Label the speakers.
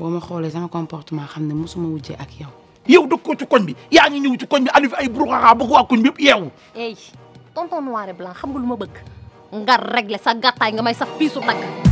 Speaker 1: boo ma xoolee sama comportement xam ne mosuma wujjee ak yow. yow dëkkoo ci koñ bi yaa ngi ñëw ci koñ bi andi fi ay buruxaxaa bëgg waa koñ bi yëpp yeewu. ey tonton noir et blanc xam nga lu ma bëgg. nga régler sa gàttaay nga may sax piisu nag.